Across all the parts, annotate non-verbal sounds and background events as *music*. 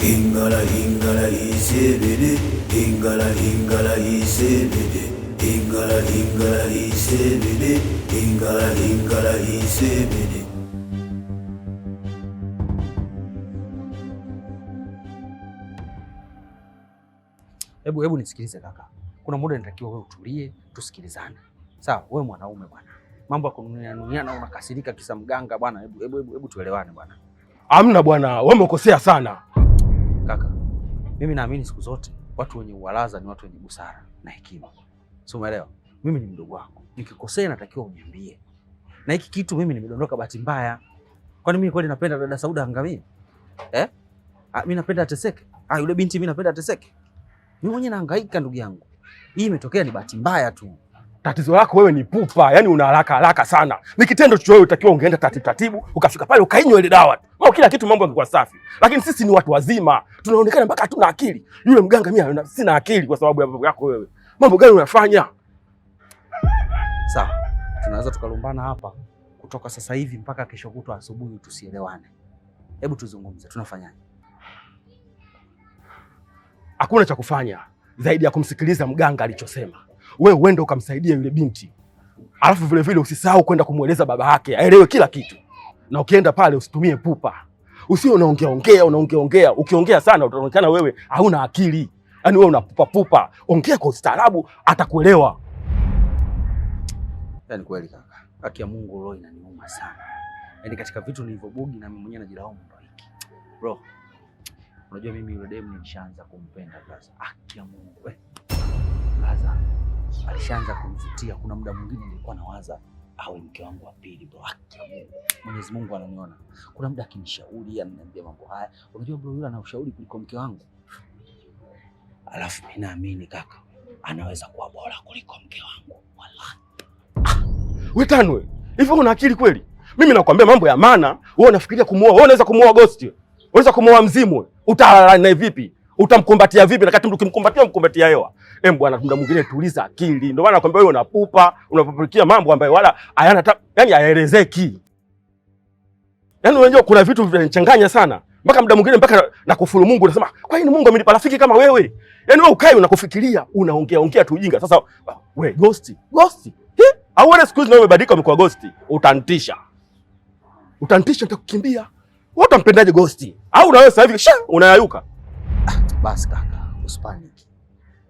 ingala ingala hisebele Hingala ingala hisebele Hingala hingala hisebele ingala hingala hisebele Hebu hebu nisikilize kaka, kuna muda nitakiwa wewe utulie, tusikilizane sawa? Wewe mwanaume bwana, mambo ya kununiana unakasirika kisa mganga bwana. Hebu hebu hebu tuelewane bwana. Amna bwana, wewe umekosea sana kaka, mimi naamini siku zote watu wenye uwalaza ni watu wenye busara na hekima, si umeelewa? Mimi ni mdogo wako, nikikosea natakiwa uniambie, na hiki kitu mimi nimedondoka bahati mbaya. Kwani mimi kweli napenda dada Sauda angamie eh? Ah, mimi napenda ateseke? Ah, yule binti mimi napenda ateseke? Mimi mwenyewe nahangaika ndugu yangu, hii imetokea ni bahati mbaya tu tatizo lako wewe ni pupa, yani una haraka haraka sana. Ni kitendo cho wewe utakiwa ungeenda taratibu taratibu, ukafika pale ukainywa ile dawa au kila kitu mambo yangekuwa safi. Lakini sisi ni watu wazima, tunaonekana mpaka hatuna akili. Yule mganga, mimi sina akili kwa sababu ya mambo yako wewe. Mambo gani unafanya? Sawa, tunaweza tukalumbana hapa kutoka sasa hivi mpaka kesho kutwa asubuhi, tusielewane. Hebu tuzungumze, tunafanyaje? Hakuna cha kufanya zaidi ya kumsikiliza mganga alichosema wewe uende ukamsaidia yule binti, alafu vile vile usisahau kwenda kumweleza baba yake aelewe kila kitu, na ukienda pale usitumie pupa, usio unaongea ongea unaongea ongea. Ukiongea sana utaonekana wewe hauna akili, yaani wewe una pupa. pupa. Ongea kwa ustaarabu, atakuelewa. Yaani kweli kaka, haki ya Mungu roho inaniuma sana, yaani katika vitu nilivyobugi na mimi mwenyewe najilaumu ndo hiki bro. Unajua mimi yule demu nishaanza kumpenda sasa, haki ya Mungu eh. Laza alishaanza kumvutia. Kuna muda mwingine nilikuwa nawaza awe mke wangu wa pili bro. Ah, Mwenyezi Mungu ananiona. Kuna muda akinishauri, ananiambia mambo haya, unajua bro, yule anaushauri kuliko mke wangu. Alafu mimi naamini kaka, anaweza kuwa bora kuliko mke wangu. Wallahi. wewe ah, Tanwe, hivi una akili kweli? Mimi nakwambia mambo ya maana, wewe unafikiria kumuoa? Wewe unaweza kumuoa ghost, unaweza kumuoa mzimu. Utalala naye vipi? Utamkumbatia vipi? Na kati mtu kimkumbatia, mkumbatia hewa. Em bwana, muda mwingine tuliza akili. Ndio maana nakwambia wewe unapupa, unapupikia mambo ambayo wala hayana ta, yani hayaelezeki. Yaani unajua kuna vitu vinachanganya sana. Mpaka muda mwingine mpaka nakufuru Mungu unasema, kwa nini Mungu amenipa rafiki kama wewe? Yaani wewe ukai unakufikiria, unaongea ongea tu ujinga. Sasa ah, we ghost, ghost. Au wewe siku hizi na umebadilika umekuwa ghost, utantisha. Utantisha nitakukimbia. Wewe utampendaje ghost? Au na wewe sasa hivi unayayuka. Ah, basi kaka, usipanic.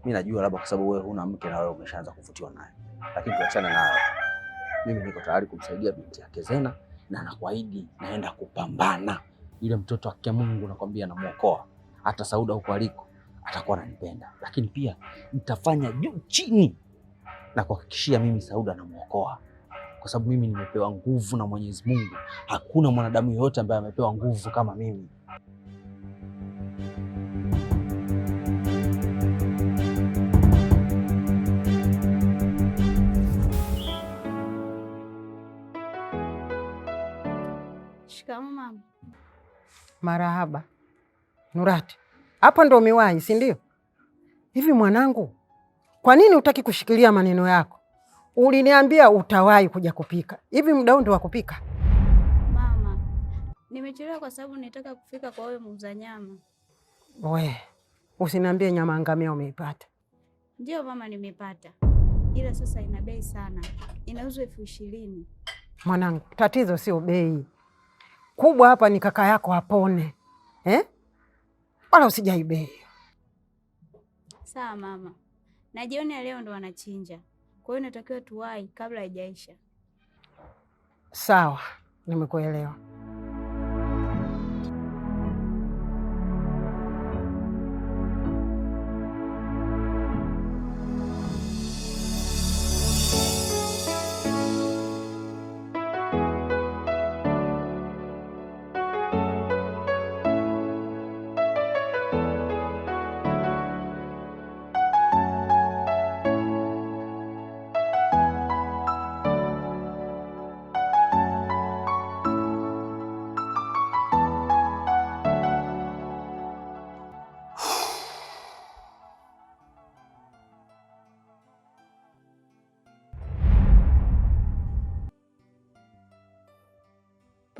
Mimi najua labda kwa sababu wewe huna mke na wewe umeshaanza kuvutiwa naye, lakini tuachane nayo. Mimi niko tayari kumsaidia binti yake Zena na nakuahidi naenda kupambana. Yule mtoto akia Mungu nakwambia, namuokoa hata Sauda huko aliko atakuwa ananipenda, lakini pia nitafanya juu chini na kuhakikishia mimi Sauda namuokoa, kwa sababu mimi nimepewa nguvu na Mwenyezi Mungu. Hakuna mwanadamu yoyote ambaye amepewa nguvu kama mimi. Shikamoo mama. Marahaba. Nurati, hapo ndo umewahi, si ndio? Hivi mwanangu, kwa nini utaki kushikilia maneno yako? Uliniambia utawahi kuja kupika. Hivi muda huu ndio wa kupika? Mama, nimechelewa kwa sababu nitaka kufika kwa wewe muuza nyama. We, usiniambie nyama ngamia umeipata? Ndio mama, nimepata, ila sasa ina bei sana, inauzwa elfu ishirini. Mwanangu, tatizo sio bei, kubwa hapa ni kaka yako apone eh? Wala usijaibei. Sawa mama, na jioni ya leo ndo wanachinja, kwa hiyo inatakiwa tuwai kabla haijaisha. Sawa, nimekuelewa.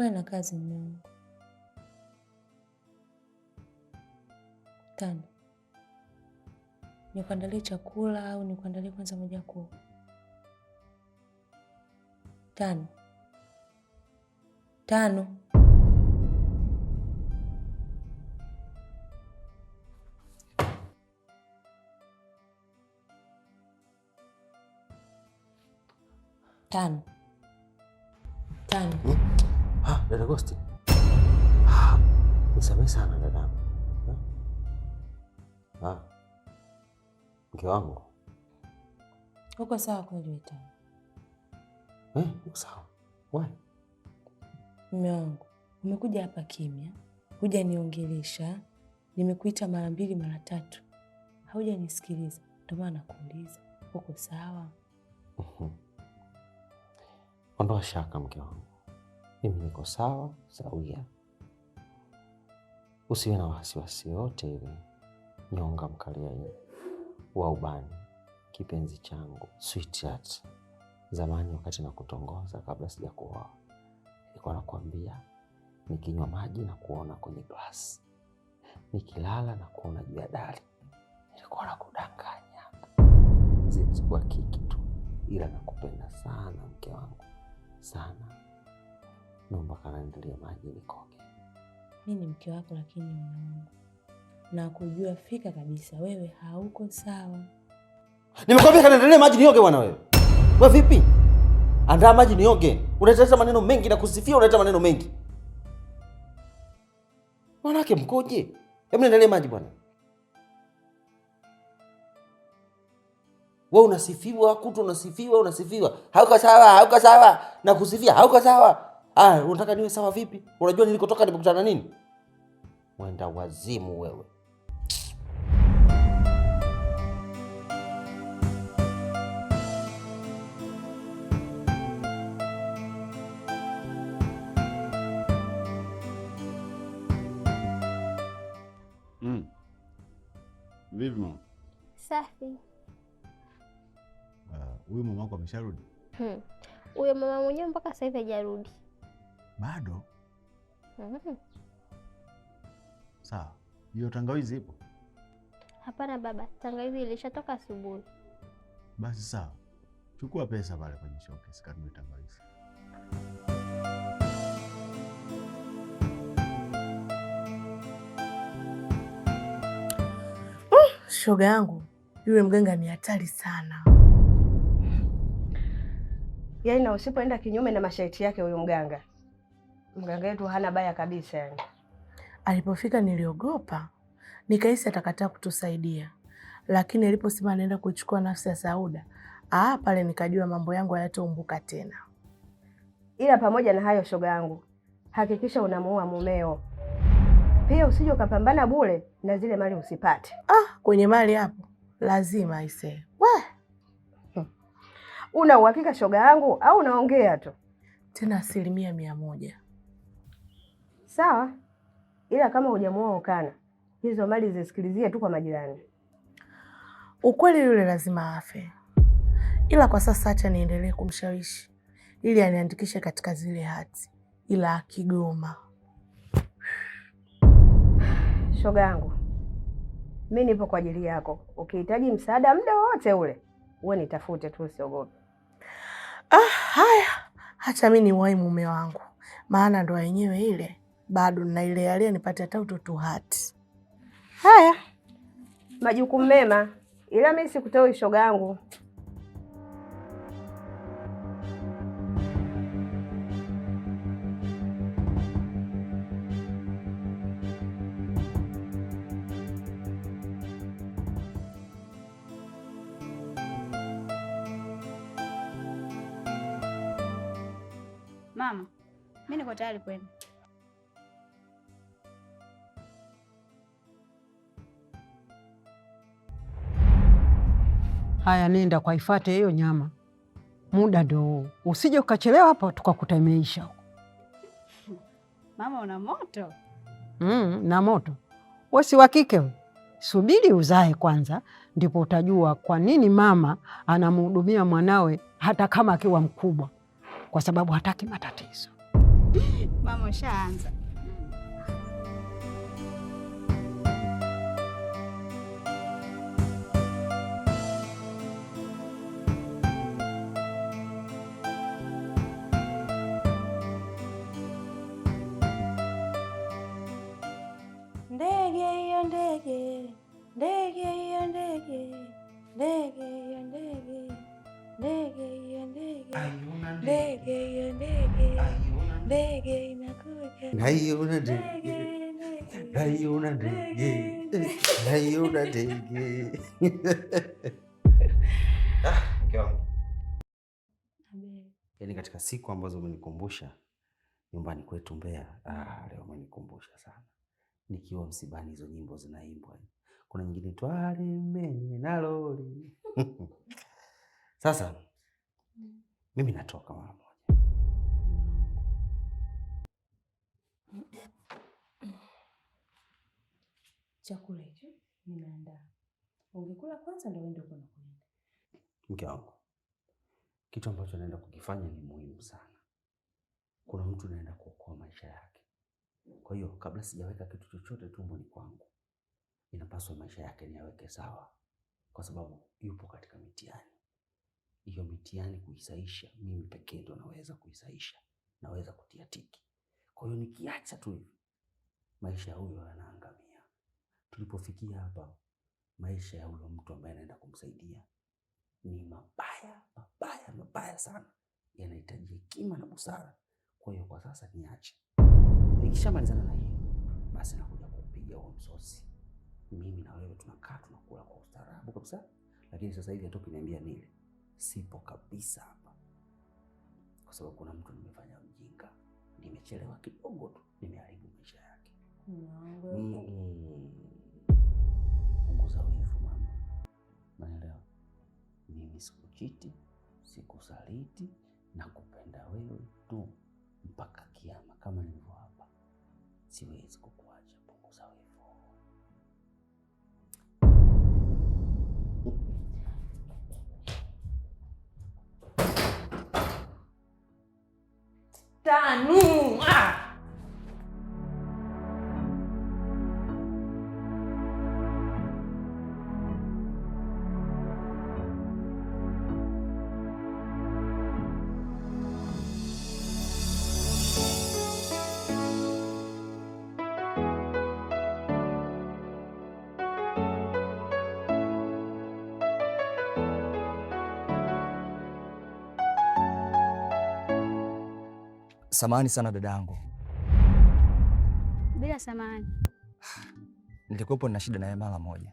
Mbona na kazi yangu? Tano, nikuandalie chakula au nikuandalie kwanza moja kuu? Tano tano tano tano hmm? Ha, dada Gosti. Nisamehe sana dadangu. Ha. Mke wangu. Uko sawa kweli Weta? Eh, uko sawa. Why? Mume wangu, umekuja hapa kimya, hujaniongelesha. Nimekuita mara mbili mara tatu, haujanisikiliza. Ndio maana nakuuliza uko sawa? Mm-hmm. Ondoa shaka mke wangu mimi niko sawa sawia, usiwe na wasiwasi yote ile. Nyonga mkaliaji wa ubani, kipenzi changu sweetheart. Zamani wakati nakutongoza kabla sijakuoa, nilikuwa nakwambia nikinywa maji na kuona kwenye glasi, nikilala na kuona juu ya dari. Nilikuwa nakudanganya, zilikuwa kiki tu, ila nakupenda sana mke wangu sana naomba kanaandalia maji nikoge. Mi ni mke wako, lakini mwanangu, na kujua fika kabisa wewe hauko sawa. Nimekwambia kanaandalia maji nioge bwana. Wewe we vipi? Andaa maji nioge. Unaleta maneno mengi na kusifia, unaleta maneno mengi. mwanawake mkoje? Hebu niandalie maji bwana. We unasifiwa kutu, unasifiwa unasifiwa, hauko sawa, hauko sawa, na kusifia hauko sawa Ah, unataka niwe sawa vipi? Unajua nilikotoka nimekutana nini? Mwenda wazimu wewe. Mm. Vipi mama? Safi. Ah, huyu uh, mama wako amesharudi? Hmm. Huyo mama mwenyewe mpaka sasa hivi hajarudi. Bado? mm -hmm. Sawa, hiyo tangawizi ipo? Hapana baba, tangawizi ilishatoka asubuhi. Basi sawa, chukua pesa pale kwenye showcase kanunue tangawizi. Uh, shoga yangu yule mganga ni hatari sana, yaani na usipoenda kinyume na masharti yake huyo mganga mganga wetu hana baya kabisa yani. Alipofika niliogopa, nikahisi atakataa kutusaidia, lakini aliposema anaenda kuchukua nafsi ya Sauda, ah, pale nikajua mambo yangu hayataumbuka tena. Ila pamoja na hayo, shoga yangu, hakikisha unamuua mumeo pia, usije ukapambana bure na zile mali usipate. Ah, kwenye mali hapo lazima aise Hmm. Una uhakika shoga yangu au unaongea tu? Tena asilimia mia moja. Sawa, ila kama hujamuoa Ukana, hizo mali zisikilizie tu kwa majirani. Ukweli yule lazima afe, ila kwa sasa acha niendelee kumshawishi ili aniandikishe katika zile hati, ila akigoma shoga yangu, mi nipo kwa ajili yako. Ukihitaji msaada muda wowote ule, uwe nitafute tu, usiogope. Ah, haya, hacha mi niwahi mume wangu, maana ndoa yenyewe ile bado nailealia nipate hata utoto hati. Haya majukumu mema, ila mimi sikutoi shoga yangu. Mama, mimi niko tayari kwenda. Haya, nenda ifate hiyo nyama, muda ndo huu, usije ukachelewa hapa tukakuta imeisha huko. Mama una moto mm, na moto wesi wa kike. Subiri uzae kwanza, ndipo utajua kwa nini mama anamhudumia mwanawe hata kama akiwa mkubwa, kwa sababu hataki matatizo. Mama ushaanza ndege, ndege ya ndege, ndege ya ndege, ndege ya ndege, ndege ya ndege, ndege inakuja, naiona ndege, naiona ndege, naiona ndege. *laughs* Ah, yaani katika siku ambazo umenikumbusha nyumbani kwetu Mbeya, ah, leo umenikumbusha sana nikiwa msibani, hizo nyimbo zinaimbwa. Kuna nyingine twale mmenye na lori *laughs* Sasa mimi natoka mara moja. Chakula hicho ninaandaa, ungekula kwanza ndio uende kwenda kuenda. Mke wangu, kitu ambacho naenda kukifanya ni muhimu sana. Kuna mtu naenda kuokoa maisha yake. Kwa hiyo kabla sijaweka kitu chochote tumboni kwangu, inapaswa maisha yake niyaweke sawa, kwa sababu yupo katika mitihani. Hiyo mitihani kuisaisha, mimi pekee ndo naweza kuisaisha, naweza kutia tiki. Kwa hiyo nikiacha tu hivi, maisha ya huyo yanaangamia. Tulipofikia hapa, maisha ya huyo mtu ambaye anaenda kumsaidia ni mabaya mabaya mabaya sana, yanahitaji hekima na busara. Kwa hiyo kwa sasa niache Nikishamalizana na yeye, basi nakuja kupiga huo msosi. Mimi na wewe tunakaa tunakula kwa ustaarabu kabisa, lakini sasa hivi hatoki niambia nile sipo kabisa hapa, kwa sababu kuna mtu nimefanya mjinga nimechelewa kidogo tu, nimeharibu maisha yake. Punguza wivu mama, naelewa mimi sikuchiti, sikusaliti na kupenda wewe tu mpaka kiama kama nilivyo siwezi kukuacha. Punguza wivu. Tanu. Ah! samahani sana yangu. Bila samahani. Nilikuwepo na shida naye mara moja.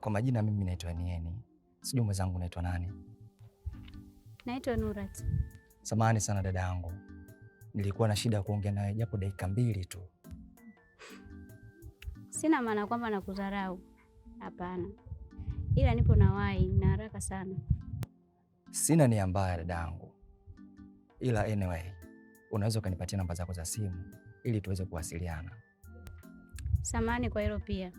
Kwa majina mimi naitwa Nieni, sijui mwenzangu naitwa nani? Naitwa Nurat. Samahani sana yangu, nilikuwa na shida ya kuongea naye japo dakika mbili tu. Sina maana kwamba nakudharau, hapana ila nipo na wai na haraka sana. Sina nia mbaya dadangu, ila anyway, unaweza ukanipatia namba zako za simu ili tuweze kuwasiliana. Samani kwa hilo pia,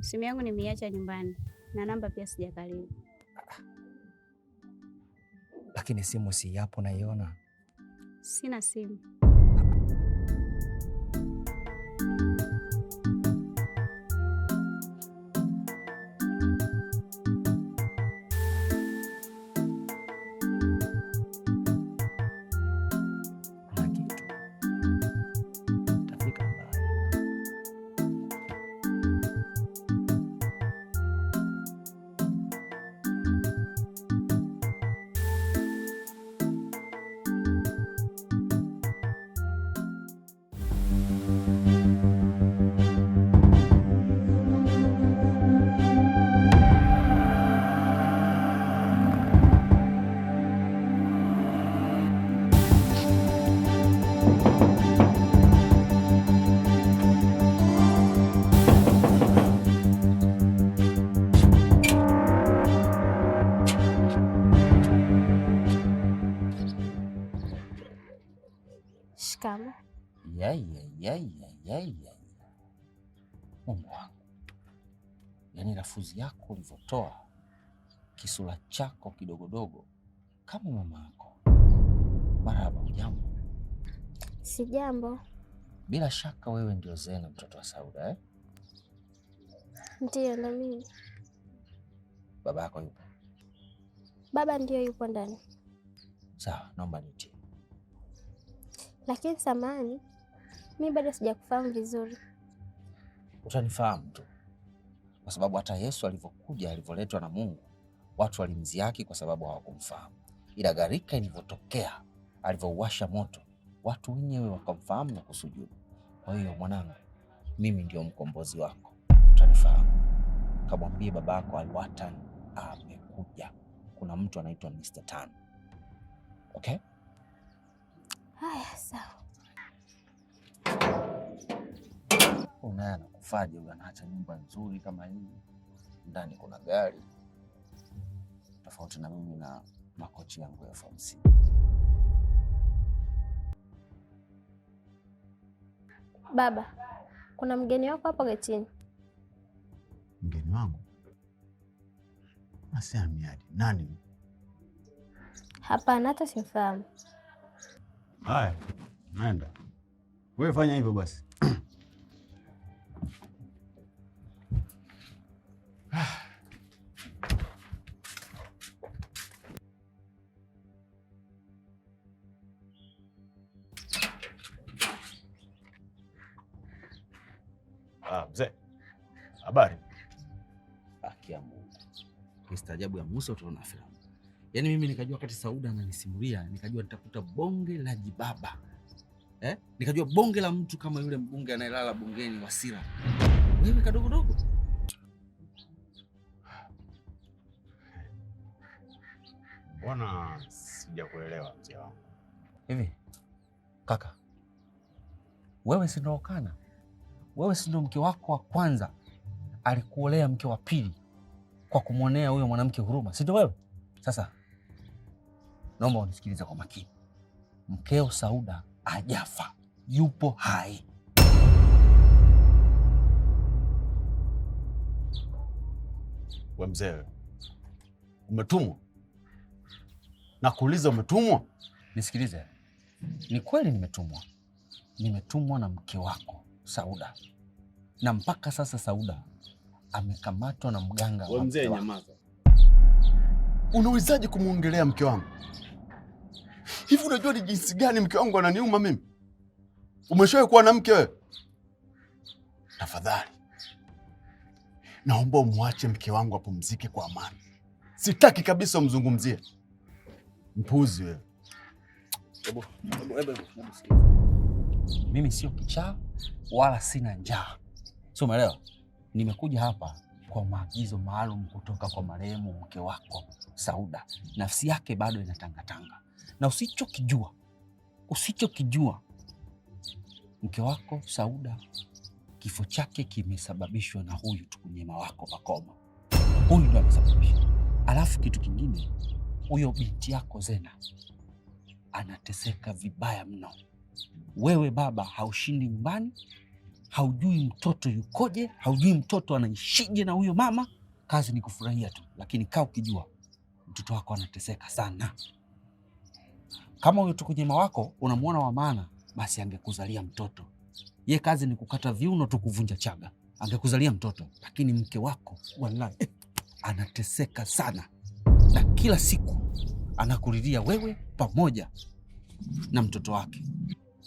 simu yangu nimeiacha nyumbani na namba pia sijakaribu. lakini simu si yapo, naiona. Sina simu. Mungu wangu, yaani lafuzi yako ulivyotoa, kisura chako kidogodogo kama mama yako. Marahaba, ujambo? Si jambo. Bila shaka wewe ndio Zena mtoto wa Sauda eh? Ndiyo, na mimi. Baba yako yupo? Baba ndiyo yupo ndani. Sawa, naomba niti. Lakini samani mimi bado sijakufahamu vizuri. Utanifahamu tu, kwa sababu hata Yesu alivyokuja, alivyoletwa na Mungu, watu walimziaki kwa sababu hawakumfahamu, ila gharika ilivyotokea, alivyouwasha moto, watu wenyewe wakamfahamu na kusujudu. Kwa hiyo mwanangu, mimi ndio mkombozi wako, utanifahamu. Kamwambie babako Alwatan amekuja, kuna mtu anaitwa Mr. Tan. Okay? Haya, sawa. huyu naye anakufaje? Huyu anaacha nyumba nzuri kama hii, ndani kuna gari, tofauti na mimi na makochi yangu ya FMC. Baba, kuna mgeni wako hapo getini. Mgeni wangu Asia Miadi nani? Hapana, hata simfahamu. Haya, naenda wewe, fanya hivyo basi. Ah, mzee. Habari. Aki ya Mungu. Mstaajabu ya Musa tunaona filamu. Yaani mimi nikajua kati Sauda ananisimulia, nikajua nitakuta bonge la jibaba. Eh? Nikajua bonge la mtu kama yule mbunge anayelala bungeni Wasira. Wewe kadogodogo. sija sijakuelewa mzee wangu. Hivi kaka. Wewe sinaokana wewe si ndio mke wako wa kwanza alikuolea mke wa pili kwa kumwonea huyo mwanamke huruma, si ndio wewe? Sasa naomba unisikilize kwa makini. Mkeo Sauda ajafa, yupo hai. We mzee, umetumwa? Nakuuliza, umetumwa? Nisikilize, ni kweli nimetumwa, nimetumwa na mke wako Sauda, na mpaka sasa Sauda amekamatwa na mganga wa mzee. Nyamaza! Unawezaje kumwongelea mke wangu hivi? Unajua ni jinsi gani mke wangu ananiuma mimi? Umeshawahi kuwa na mke wewe? Tafadhali naomba umwache mke wangu apumzike kwa amani. Sitaki kabisa umzungumzie. Mpuzi wewe! Mimi sio kichaa wala sina njaa, sio umeelewa? Nimekuja hapa kwa maagizo maalum kutoka kwa marehemu mke wako Sauda. Nafsi yake bado inatangatanga, na usichokijua usichokijua, mke wako Sauda kifo chake kimesababishwa na huyu tukunyema wako Pakoma. Huyu ndo amesababisha. Alafu kitu kingine, huyo binti yako Zena anateseka vibaya mno. Wewe baba haushindi nyumbani, haujui mtoto yukoje, haujui mtoto anaishije na huyo mama. Kazi ni kufurahia tu, lakini kaa ukijua mtoto wako anateseka sana. Kama huyo tukujema wako unamwona wa maana, basi angekuzalia mtoto. Ye kazi ni kukata viuno tu, kuvunja chaga, angekuzalia mtoto. Lakini mke wako wallahi anateseka sana, na kila siku anakulilia wewe pamoja na mtoto wake.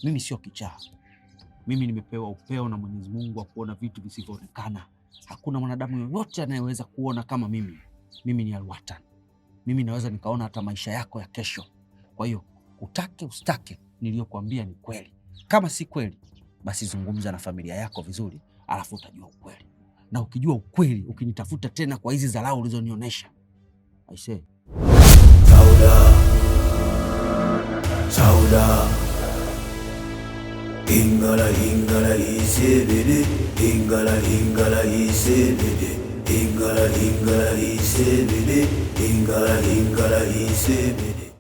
Mimi sio kichaa, mimi nimepewa upeo na Mwenyezi Mungu wa kuona vitu visivyoonekana. Hakuna mwanadamu yoyote anayeweza kuona kama mimi. Mimi ni alwatan, mimi naweza nikaona hata maisha yako ya kesho. Kwa hiyo utake ustake, niliyokuambia ni kweli. Kama si kweli, basi zungumza na familia yako vizuri, alafu utajua ukweli. Na ukijua ukweli, ukinitafuta tena kwa hizi dharau ulizonionyesha, aisee Sauda. Sauda. Hingala hingala ise beni Hingala hingala ise beni Hingala hingala ise beni Hingala hingala ise beni